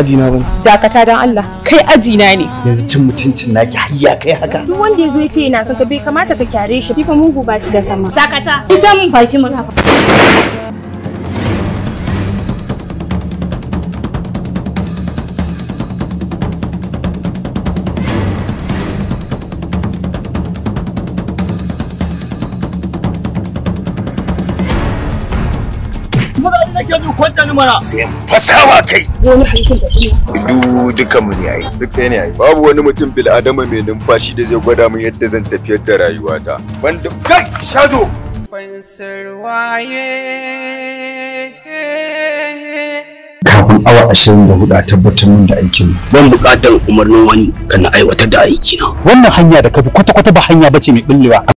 ajina bane dakata dan Allah kai ajina ne yanzu cin mutuncin naki hayya kai haka duk wanda yazo ya ce yana son ka bai kamata ka kyare shi kifa mugu ba shi da sama dakata idan baki mun haka kuma ga ni nake duk kwanta ni mana sai fasawa kai du dukan mu ne ai duk ne ai babu wani mutum bil adama mai numfashi da zai gwada min yadda zan tafiyar da rayuwata banda kai shado kafin awa ashirin da hudu a tabbatar min da aikin ban buƙatar umarnin wani kana aiwatar da aikina wannan hanya da ka bi kwata-kwata ba hanya bace mai bullewa